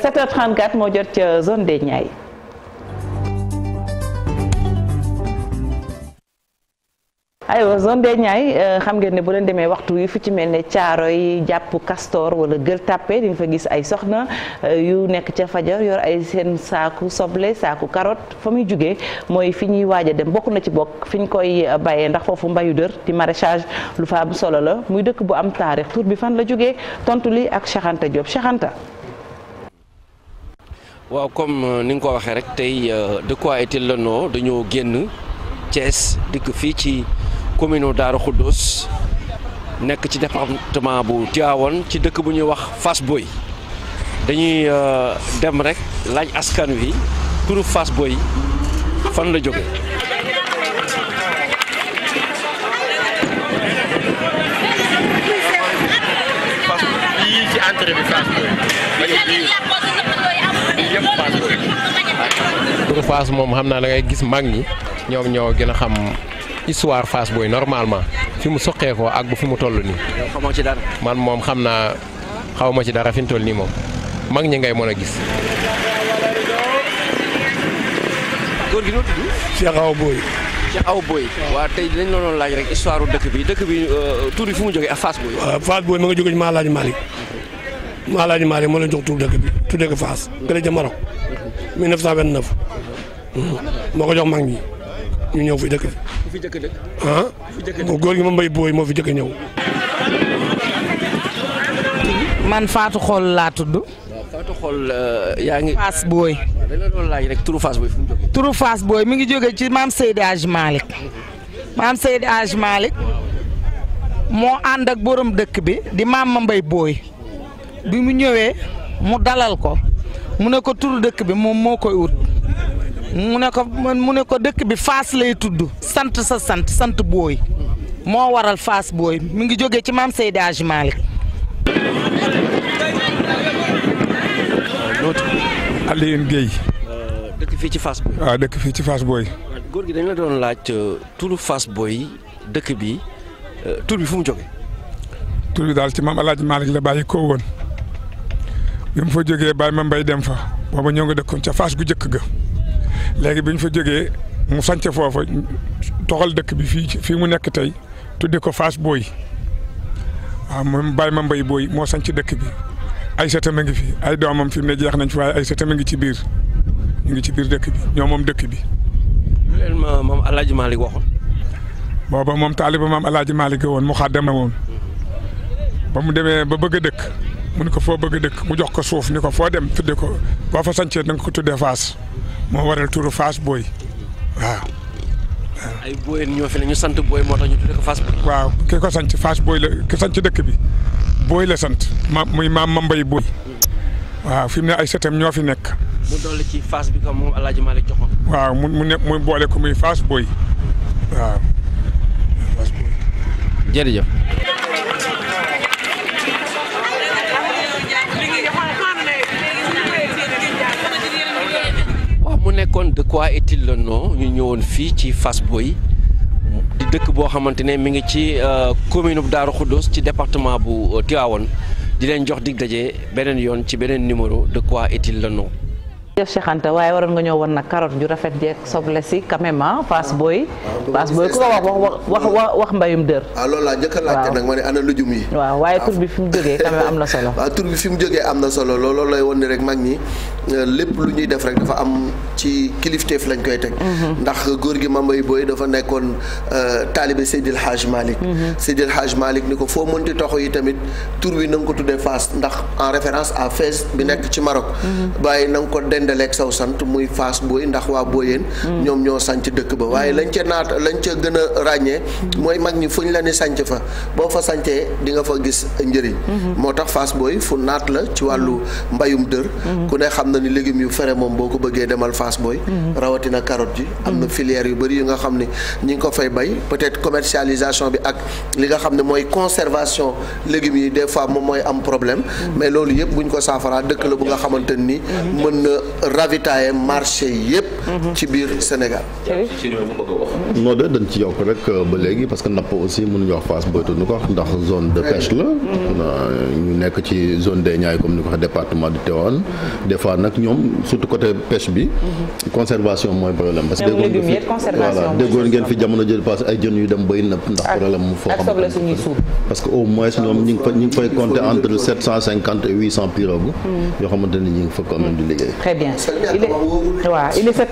7h34 moo jot ca zone des Niayes aywa zone des ñaay xam ngeen ne bu leen demee waxtu yi fu ci mel ne caaro yi jàpp Castor wala Gueule Tapée di nga fa gis ay soxna euh, yu nekk ca fajar yor ay seen saaku soble saaku carotte fa muy jugee mooy fi ñuy waaj a dem bokk na ci bokk fi ñu koy euh, bayee ndax foofu mbayu dër di maraîchage lu fa am solo la muy dëkk bu am taarix tur bi fan la jóge tontu li ak saxanta Anta saxanta Cheikh waaw comme euh, ni nga ko waxee rek tey de quoi est-il dañoo génn Thiès dikk fii ci. commune Daaru Xuddus nekk ci département bu Tivaouane ci dëkk bu ñuy wax fas Boye dañuy euh, dem rek laaj askan wi turu Fass Boye fan la jóge ci entrée moom xam naa da ngay gis mag ñi ñoom ñoo gën a xam histoire Fass Boy normalement fi mu soqeekoo ak bu mu toll nii. xamoo ci dara. man moom xam naa xaw ma ci dara fi nii moom mag ñi ngay mën a gis. góor gi noo tudd. Cheikh waa tey lañ la doon laaj rek histoire u dëkk bi dëkk bi euh, tur bi fu mu jógee ak Fass Boy. waaw ma nga jógee maa laaj Malick maa laaj moo leen jox tur dëkk bi tuddee ko Fass. gën a jëm Maroc 1929. Mhm. Mhm. moo ko jox mag ñi. ñu ñëw fi dëkk fi. bu fi dëkk dëkk. Ah? mbay booy moo fi jëkk ñëw. man Fatou Xool euh, yaa ngi. Fass Boy. dañ la doon laaj rek mi ngi jógee ci maam Seydi Hadj Malick maam Seydi Hadj borom dëkk bi di maam ma mbay booy bi mu ñëwee mu dalal ko mu ne ko turu dëkk bi moom moo koy ut. mu ne ko mu ne ko dëkk bi faas lay tudd sant sa sant sant booy moo waral faas booy mi ngi jógee ci maam Seydi Hadji Malick Alioune Guèye euh, dëkk fii ci Fass Boy waaw ah, dëkk ci Fass Boy góor gi dañ la doon laaj euh, turu Fass Boy dëkk bi euh, tur bi fu mu jógee tur bi daal ci maam Alaaji Malick la bàyyi koo woon bi mu fa jógee bàyyi ma mbay dem fa booba ñoo nga dëkkoon ca Fass gu jëkk ga léegi bi ñu fa jógee mu sanc foofu toxal dëkk bi fii fii mu nekk tey tudde ko Fass booy waaw moom Baye ma mbay booy moo sanc dëkk bi ay setam a ngi fi ay doomam fi mu ne jeex nañ fi waaye ay setam a ngi ci biir ñu ngi ci biir dëkk bi ñoo moom dëkk bi. lu leen ma moom El Hadj Malick waxoon. booba moom taaliba maam El Hadj woon mu xàddama woon ba mu demee ba bëgg a dëkk mu ne ko foo bëgg a dëkk mu jox ko suuf ni ko foo dem tuddee ko boo fa sancee da nga ko tuddee moo waral turu Fass booy waaw. ay booy ñoo fi ne ñu sant booy moo tax ñu tuddee ko Fass waaw ki ko sant Fass Boy la ki sant dëkk bi booy la sant ma muy maam Mambay Boy waaw fi mu ne ay sëtam ñoo fi nekk. mu dolli ci Fass bi comme moom El Hadj Malick joxoon. waaw mu mu ne boole ko muy Fass Boy waaw Fass Boy. nekkoon de quoi est-il le nom ñu ñëwoon fii ci Fass Boye di dëkk boo xamante ne mi ngi ci euh, commune bu Darou Khoudoss ci département bu euh, Tivaouane di leen jox dig daje beneen yoon ci beneen numéro de quoi est-il le nom jëf Cheikh Anta waaye waroon nga ñëw war nag carotte ju rafet jeeg soble si quand même ah passe booy passe ah, booy ku ko wax wax wax wax mbayum dër waaw ah, laa njëkk a laajte nag ma ne ana lujum yi waaye tur ah. bi fi mu jógee quand même am na solo waaw tur lay wan ni rek mag ñi euh, lépp lu ñuy def rek dafa am ci kilifteef lañ koy teg mhm. ndax góor gi mambay booy dafa nekkoon euh, taalibe Seydil Hadj Malick mhm. Seydil Hadj Malick ni ko foo mënti toxo yi tamit tur wi na nga ko tuddee Fass ndax en référence à Fès dendaleeg saw sant muy Fass Boy ndax waa Boyeen mm. ñoom ñoo sanc dëkk ba waaye mm. lañ ca naat lañ ca gën a ràññee mm. mooy mag ñi fuñ la ni sanc fa boo fa sancee di nga fa gis njëriñ mm-hmm. moo tax Fass Boy fu naat la ci wàllu mm-hmm. mbayum dër mm-hmm. ku ne xam na ni légumes yu fere moom boo ko bëggee demal Fass Boy rawatina carotte ji am na filière yu bëri yu nga xam ne ñi ngi ko fay bay peut commercialisation bi ak li nga xam ne mooy conservation légumes yi des fois moom mooy am problème mais loolu yëpp buñ ko ravitailler marché yépp ci biir Sénégal. non de dañ ci yokk rek euh, ba léegi parce que napp aussi mënuñu wax Fass boytuñu ko ndax zone de pêche la. Euh, ñu nekk ci zone des Niayes comme ni ko waxee département du Tivaouane des fois nag ñoom surtout côté pêche bi. Mm-hmm. conservation mooy problème. parce que déggoon ngeen fi jamono jël paase ay jën yu dem bay nëpp ndax problème mu foo xam parce que au moins ñoom ñu ngi fa ñu ngi fay compter entre sept cent cinquante et huit cent pirogues. Mm. yoo xamante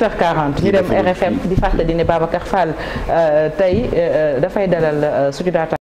7h40 ñu dem RFM di fàttali ne Babacar Fall euh, tey euh, euh, dafay dalal suñu daata